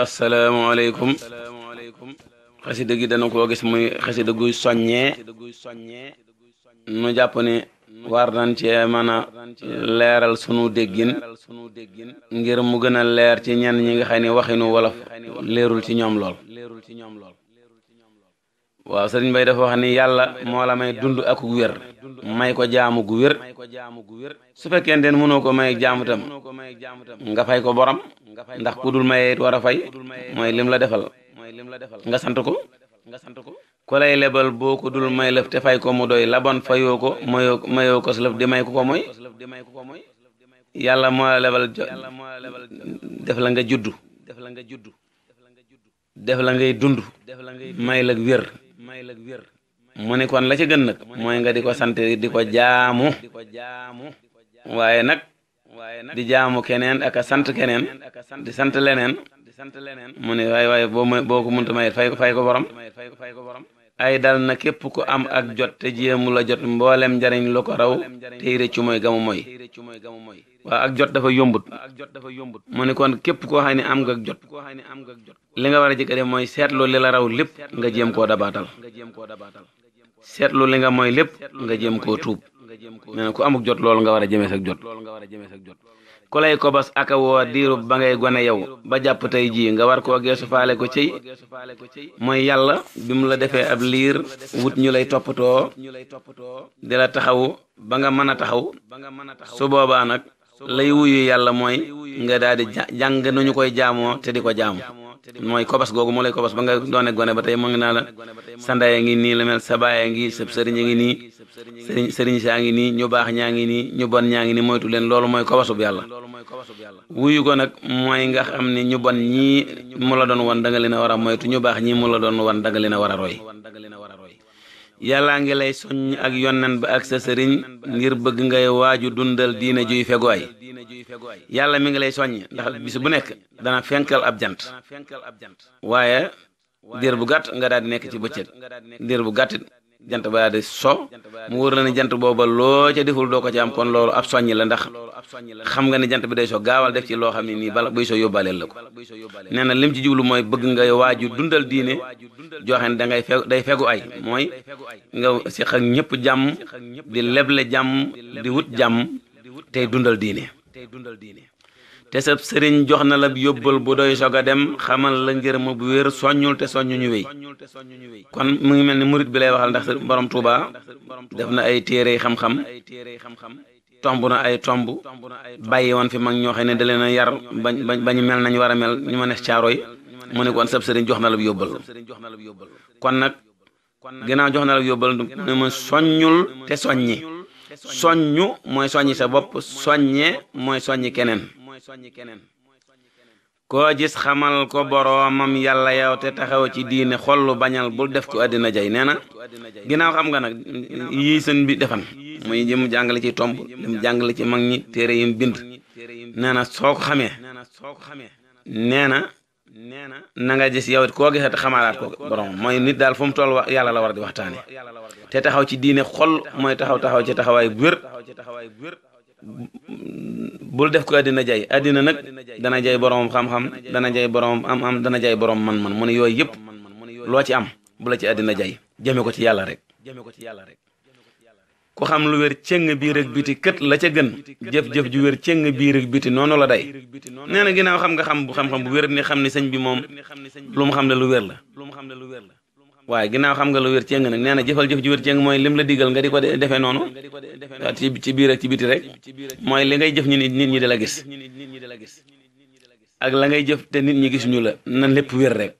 asalaamaaleykum xasida gi dana ko gis muy xasida guy soññee nu jàpp ni war nañ cee mën a leeral sunu déggin ngir mu gën a leer ci ñenn ñi nga xam ne waxinu wolof leerul ci ñoom lool. waaw sëriñ Bay dafa wax ni yàlla moo la may dund ak wér may ko jaamu gu wér su fekkee ndeen mënoo ko may jaamu tam nga fay ko borom ndax ku dul mayee it war a fay mooy lim la defal nga sant ko ku lay lebal boo ko dul may lëf te fay ko mu doy labon fayoo ko mayoo mayoo ko lëf di may ku ko mooy yàlla moo la lebal def la nga juddu def la ngay dund may la wér mu ni kon la ci gën nag mooy nga di ko sant di ko jaamu waaye nag di jaamu keneen ak a sant keneen di sant leneen mu ne waay waaye boo boo ko mënta may fay ko fay ko borom ay dal na képp ku am ak jot te jéemu la jot mboolem njariñ lu ko raw tey rëccu mooy gamu mooy waaw ak jot dafa yombut mu ne kon képp koo xam ne am nga jot li nga war a jëkk def mooy seetlu li la raw lépp nga jéem koo dabaatal seetlu li nga mooy lépp nga jéem koo tuub nee na ku amuk jot loolu nga war a jëmee sa jot ku lay kobos ak a woo ba ngay gone yow ba jàpp tey jii nga war koo geesu faale ko ciy mooy yàlla bi mu la defee ab liir wut ñu lay toppatoo di la taxawu ba nga mën a taxaw su boobaa nag lay wuyu yàlla mooy nga daal di jàng nu ñu koy jaamoo te di ko jaamu. mooy kobas googu moo lay kobas ba nga doone gone ba tey mu ngi naa la sa ngi nii la mel ngi sëb sëriñ a ngi nii sëriñ saa ngi nii ñu baax ñaa ngi nii ñu bon ñaa ngi nii moytu leen loolu mooy kobasub yàlla wuyu ko nag mooy nga xam ni ñu bon ñii mu la doon wan da nga leen a war a moytu ñu baax ñii mu la doon wan da nga leen a war a roy yàllaa ngi lay soññ ak yonnan ba ak sa sëriñ ngir bëgg ngay waaju dundal diina juy fegooy yàlla mi ngi lay soññ ndax bis bu nekk dana fenkal ab jant waaye diir bu gàtt nga daal di nekk ci bëccëg diir bu gàtt jant baa di so mu wóor la ne jant booba loo ca deful doo ko ci am kon loolu ab soññi la ndax xam nga ne jant bi day soo gaawal def ci loo xam ne nii bala buy so yóbbaaleel la ko nee na lim ci jublu mooy bëgg ngay waaju dundal diine joxe ne da ngay fegu day fegu ay mooy nga siq ak ñëpp jàmm di leble jàmm di wut jàmm tey dundal diine. te sab serigne joxna la yobbal bu doy soga dem xamal la mo bu wer soñul te soñu ñu wey kon mu ngi melni mourid bi lay waxal ndax borom Touba def na ay téré xam-xam tombu na ay tombu bàyyi won fi mag ñoo xene de leena yar bañ mel nañ wara mel ñuma nekk ci aroy mu ne kon sab serigne joxna na la yobbal kon nak ginnaaw joxna la yobbal ne ma soñul te soñi soñu moy soñi sa bop soñé moy soñi kenen koo gis xamal ko boroomam yalla yaw te taxaw ci diine xollu bañal bul def ko àddina jay nee na ginnaaw xam nga nag yii sëñ bi defan muy li mu jàngale ci tomb li mu jàngale ci mag ñi téere yim bind nee na soo ko xamee nee na na nga gis yow it koo gisee xamaalaat ko borom mooy nit daal fu mu toll wax yàlla la war waxtaane te taxaw ci diine xol mooy taxaw taxaw ci taxawaay bu bul def ko àddina jay àddina nag dana jay boroom xam-xam dana jay boroom am-am dana jay boroom man-man mu ne yooyu yëpp loo ci am bu la ci àddina jay jëme ko ci yàlla rek ku xam lu wér cëng biir ak biti kët la ca gën jëf-jëf ju wér cëng biir ak biti noonu la day nee na ginnaaw xam nga xam bu xam-xam bu wér ni xam ni sëñ bi moom lu mu xam ne lu wér la waaye ginnaaw xam nga lu wér ceng nag nee na jëfal jëf ju wér ceng mooy lim la digal nga di ko defee noonu ci ci biir ak ci biti rek mooy li ngay jëf ñu nit nit ñi di la gis ak la ngay jëf te nit ñi gis ñu la nan lépp wér rek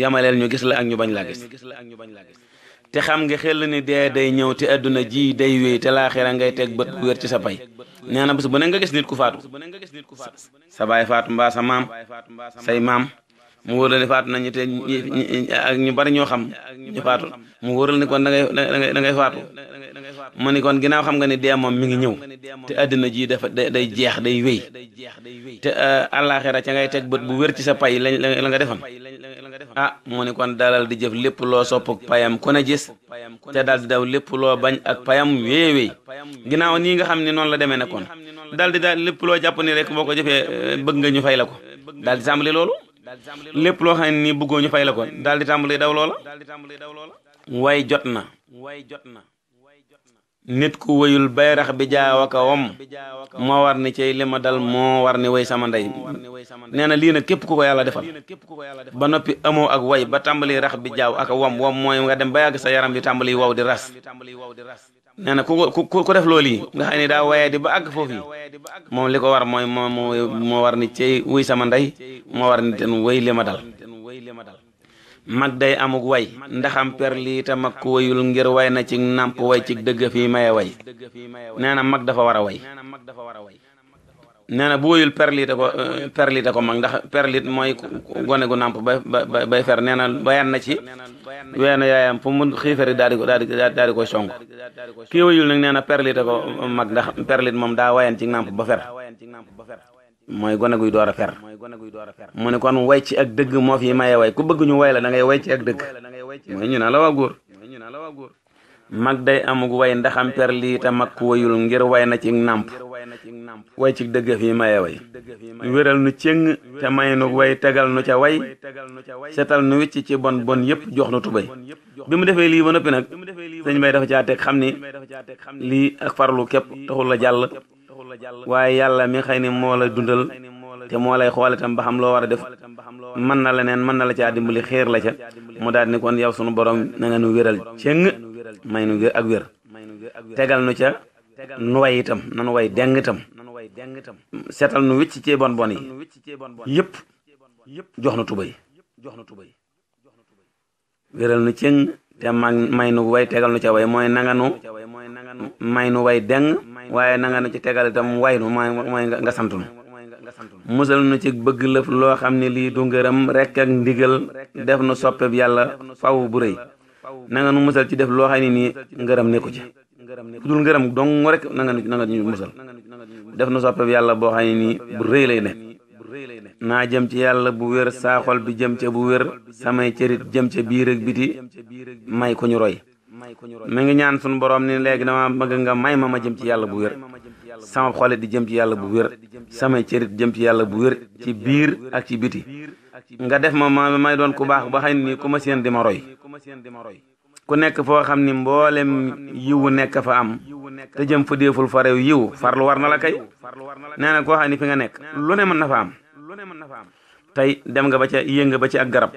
yamaleel ñu gis la ak ñu bañ laa gis te xam nga xel ni dee day ñëw te adduna ji day wéy te laaxira ngay teg bët bu wér ci sa pay nee na bés bu ne nga gis nit ku faatu sa baay faatu mbaa sa maam say maam mu wóoral ne faatu nañu te ñu bari ñoo xam ñu faatu mu wóoral ne kon da ngay da ngay faatu mu ni kon ginnaaw xam nga ne dee moom mi ngi ñëw te àddina ji dafa day jeex day wéy te euh, àllaaxira ca ngay teg bët bu wër ci sa pay la la nga defoon ah mu ni kon dalal di jëf lépp loo sopp ak payam ku ne gis te daal di daw lépp loo bañ ak payam wéy wéy ginnaaw nii nga xam ne noonu la demee ne kon daal di daal lépp loo jàpp ni rek boo ko jëfee euh, bëgg nga ñu fay la ko daal di sàmbali loolu lépp loo xam ne nii bëggoo ñu fay la ko daal di tàmbali daw loola way jot na nit ku wayul bay rax bi jaaw jaawaka wam moo war ni cey li ma dal moo war ni way sama ndey nee na lii nag képp ku ko yàlla defal ba noppi amoo ak way ba tàmbali rax bi jaaw ak wam wam mooy nga dem ba yàgg sa yaram bi tàmbali waw di ras nee na ku ku ku def loolu yi nga xam ne daa waye di ba àgg foofu yi moom li ko war mooy moo moo war ni cey wuy sama ndey moo war ni ten wéy li ma dal mag day amuk way ndaxam per lii te mag ku wayul ngir way na ci nàmp way ci dëgg fii maye way nee na mag dafa war a way nee na bu wóyul perlite ko euh, perlite ko mag mooy gone gu nàmp bay bay bay fer nee na bayaan na ci weenu yaayam fu mu xiifari daal di ko daal di daal di koy song kii wóyul nag nee na perlite ko mag ndax perlite moom daa wayan ci nàmp ba fer mooy gone guy door a fer mu ne kon way ci ak dëgg moo fi maye way ku bëgg ñu way la da ngay way ci ak dëgg mooy ñu na la waa góor mag day amug way ndax am perlite mag ku wóyul ngir way na ci nàmp way ci dëgg fi maye way wéral nu cëng te may nu way tegal nu ca way setal nu wicc ci bon bon yépp jox nu tubay bi mu defee lii ba noppi nag sëñ bay dafa caa teg xam ni lii ak farlu képp taxul la jàll waaye yàlla mi xëy ni moo la dundal te moo lay xoole tam ba xam loo war a def mën na la neen man na la caa dimbali xéer la ca mu daal ni kon yow sunu borom na nu wéral cëng may nu ak wér tegal nu ca nu way itam nanu way deng itam setal nu wicc ci bon bon yi tubai. jox na tubay wéral nu cëng te may nu way tegal nu chawai way mooy nanga nu may nu way deng waaye nanga nu ci tegal itam way nu mai nga sant musal nu ci bëgg lëf loo xam ne lii du ngërëm rek ak ndigal def nu soppeb yàlla faw bu rëy nanga nu musal ci def loo xam ne nii ngërëm ci ku dul ngërëm dong rek na nga na nga ñu musal def na soppeeb yàlla boo xam ne nii bu rëy lay ne naa jëm ci yàlla bu wér saaxol bi jëm ca bu wér samay cërit jëm ca biir ak biti may ko ñu roy mi ngi ñaan suñu boroom ni léegi dama bëgg nga may ma ma jëm ci yàlla bu wér sama xole di jëm ci yàlla bu wér samay cërit jëm ci yàlla bu wér ci biir ak ci biti nga def ma ma may doon ku baax ba xëy ni ku ma seen di ma roy ku nekk foo xam ni mboolem yiwu nekk fa am te jëm fu déeful fa réew yiw farlu war na la kay nee na koo xam ni fi nga nekk lu ne mën na fa am tey dem nga ba ca yëng ba ci ak garab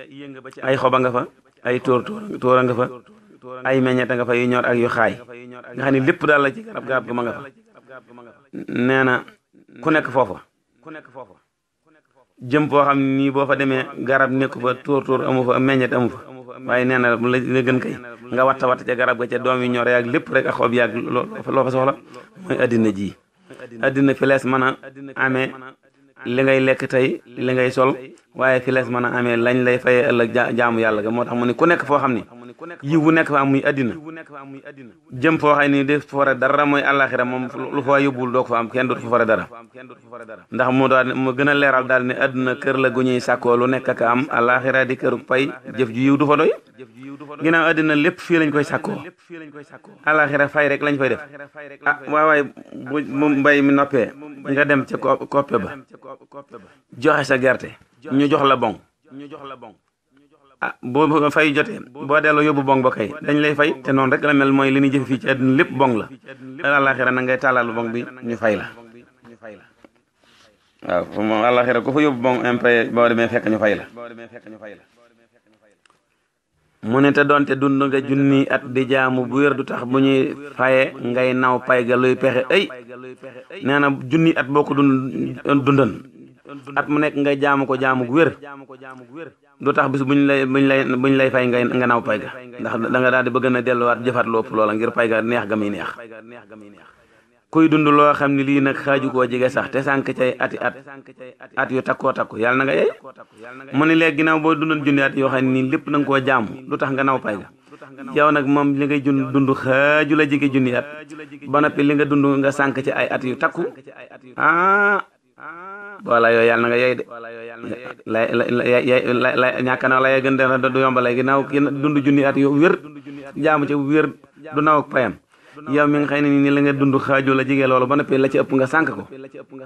ay xoba nga fa ay tóor tóor a nga fa ay meññeeta nga fa yu ñor ak yu xaay nga xam ni lépp daal la ci garab garab gu ma nga fa nee na ku nekk foofa jëm foo xam ne nii boo fa demee garab nekku fa tóor tóor amu fa meññet amu fa waaye nee na la la gën kay nga watta watta ca garab ga ca doom yi ñore ak lépp rek ak xob yàgg loo fa soxla mooy addina ji addina fi lees mën a amee li ngay lekk tey li ngay sol waaye fi lees mën a amee lañ lay faye ëllëg jaamu yàlla ga moo tax mu ne ku nekk foo xam ne yiw bu nekk fa muy addina jëm foo xam ne def fore dara mooy àllaaxira moom lu fa yóbbul doo ko fa am kenn dootu fa fore dara ndax mu daal mu gën a leeral daal ne addina kër la gu ñuy sàkkoo lu nekk ak am àllaaxira di këru pay jëf ju yiw du fa doy ginnaaw àddina lépp fii lañ koy sàkkoo àllaaxira fay rek lañ fay def ah waaw waay bu mbay mi noppee nga dem ca koppe ba joxe sa gerte ñu jox la bon ñu jox la bon ah boo fay jotee boo delloo yóbbu bong ba kay dañ lay fay te noonu rek la mel mooy li ñuy jëfe fii ci àdduna lépp bong la àlaxira na ngay tàllal bong bi ñu fay la waaw fu mu àlaxira ku fa yóbbu bong impayé fekk ñu fay la mu ne te doonte dund nga junni at di jaamu bu du tax bu ñuy faye ngay naw pay ga luy pexe ay nee na junni at boo ko dund dundan at mu nekk ngay jaamu ko jaamu gu wér du tax bis buñ lay buñ lay lay fay ngay nga naaw payga ndax da nga daal di bëgg na delluwaat jëfaat lu ëpp loola ngir payga neex ga muy neex kuy dund loo xam ne lii ne ginnaaw boo dundoon junni yoo xam nii lépp na koo jaamu lu tax nga naw pay ga yow nag moom li ngay jun dund la jege junni at ba noppi li nga dund nga sànq ci ay at yu takku ah wala yo yalla nga yey de wala yo yalla nga yey de ñaka na lay gën du yomba lay ginaaw dundu junni at yo wër jaamu ci wër du naw ak payam yow mi nga xeyna ni la nga dundu xaju la jige lolu ba nepp la ci ëpp nga sank ko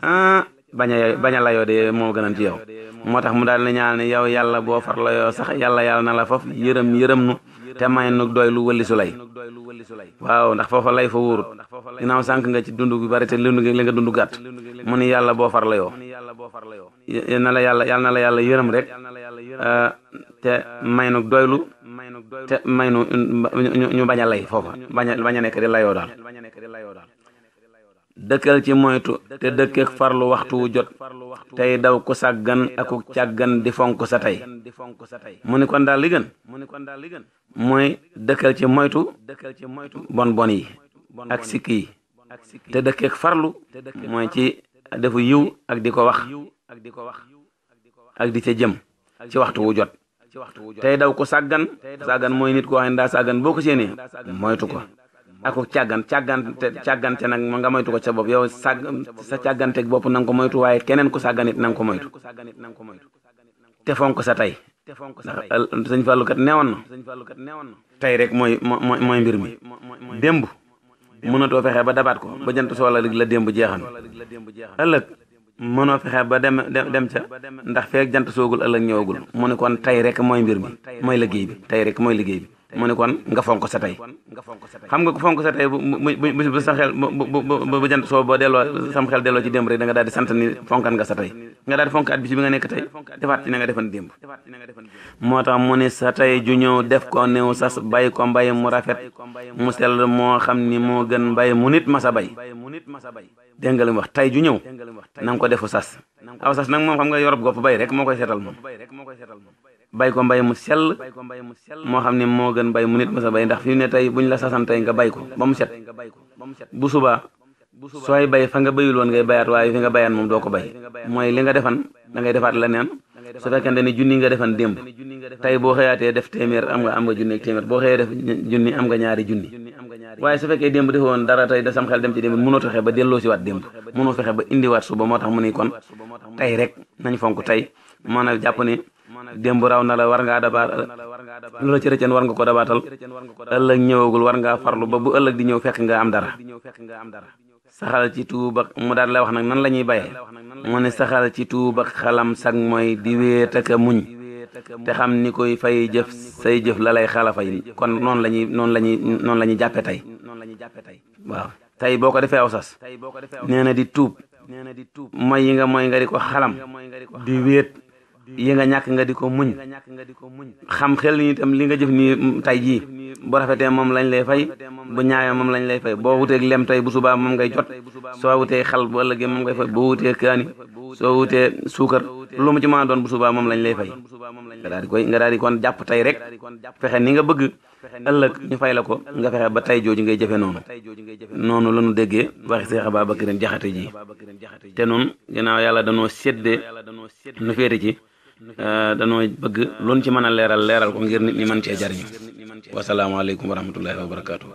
ah baña baña la yo de mo gënal ci yow motax mu dal na ñaan ni yow yalla bo far la yo sax yalla yalla na la fof yërem yërem nu te may nu doy lu wëli sulay waaw ndax fofu lay fa wuur ginnaaw sank nga ci dundu gu bari te lu nga dundu gatt mu ni yalla bo far la yo yal na la yàlla yal na la yàlla yërëm rek euh, te may nu doylu te may nu ñu bañ a lay foofa bañ a bañ a nekk di layoo daal dëkkal ci moytu te dëkkeek farlu waxtu wu jot tey daw ku sàggan aku càggan di fonk sa tey mu ni kon daal li gën mooy dëkkal ci moytu bon bon yi ak sikk yi te dëkkeek farlu mooy ci dafa yiw ak di ko wax ak di ko wax ak di ca jëm ci waxtu wu jot tey daw ko sàggan sàggan mooy nit koo xam ne daa sàggan boo ko séenee moytu ko ako càggan càggante càggante nag nga moytu ko sa bopp yow sàgg sa càgganteeg bopp na nga ko moytu waaye keneen ku sàgganit na nga ko moytu te sa tey ndax sëñ Fallou kat newoon na tey rek mooy mbir mi démb mënatoo fexe ba dabaat ko ba jant soola rek la démb jeexan ëllëg mënoo fexe ba dem dem ca ndax feek jant soogul ëllëg ñëwagul mu ne kon tey rek mooy mbir mi mooy liggéey bi tey rek mooy liggéey bi mu ne kon nga fonk sa tey xam nga ko fonk sa tey bu bu bu sa xel bu bu jant soo boo delloo sam xel delloo ci démb rek da nga daal di sant ni fonkan nga sa tey nga daal di fonk bi ci bi nga nekk tey defaat ci na nga defan démb moo tax mu ni sa tey ju ñëw def ko néew sas bay ko mbay mu rafet mu sell moo xam ni moo gën mbay mu nit masa bay dégg nga li mu wax tey ju ñëw na nga ko defu sas aw sas nag moom xam nga yorob gopp bay rek moo koy seetal moom bay ko mbay mu sel mo xamni mo gën bay mu nit masa bay ndax fi ne tay buñ la sasan tay nga bay ko ba mu set bu suba soy bay fa nga bayul won ngay bayat way fi nga bayan mom doo ko bay moy li nga defan da ngay defat lenen su fekkente ni junni nga defan demb tay bo xeyate def temer am nga am nga junni ak temer bo xeyate def junni am nga ñaari junni waaye su fekke demb defe dara tay da sam xel dem ci mu no taxé ba ci wat demb mu no fexé ba wat suba moo mu ni kon tay rek nañ fonku tay manal japp ni démb raw na la war ngaa dabaat lu la ci rëcceen war nga ko dabaatal ëllëg ñëwagul war ngaa farlu ba bu ëllëg di ñëw fekk nga am dara saxal ci tuuba mu daal la wax nag nan la ñuy bayee mu ne saxal ci tuuba xalam sag mooy di wéet ak muñ te xam ni koy fay jëf say jëf la lay xala fay kon noonu la ñuy noonu la ñuy noonu la ñuy jàppe tey waaw tey boo ko defee aw sas nee na di tuub mooy yi nga mooy nga di ko xalam di wéet yi nga ñàkk nga di ko muñ xam xel ni li nga jëf nii tay jii bu rafetee moom lañ lay fay bu ñaawee moom lañ lay fay boo wuteeg lem tey bu subaa moom ngay jot soo wutee xal bu ëllëgee moom ngay fay boo wutee kaani soo wutee suukar lu mu ci mën a doon bu subaa moom lañ lay fay nga daal di koy nga daal di kon jàpp tey rek fexe ni nga bëgg ëllëg ñu fay la ko nga fexe ba tey jooju ngay jëfe noonu noonu la ñu déggee waxi Seex ba Bakrin Jaxate ji te noonu ginnaaw yàlla danoo séddee nu féete ci Euh, danoo bëgg luñ ci mën a leeral leeral ko ngir nit ñi mën cee jariñu wasalaamaaleykum wa rahmatullahi wa barakaatu.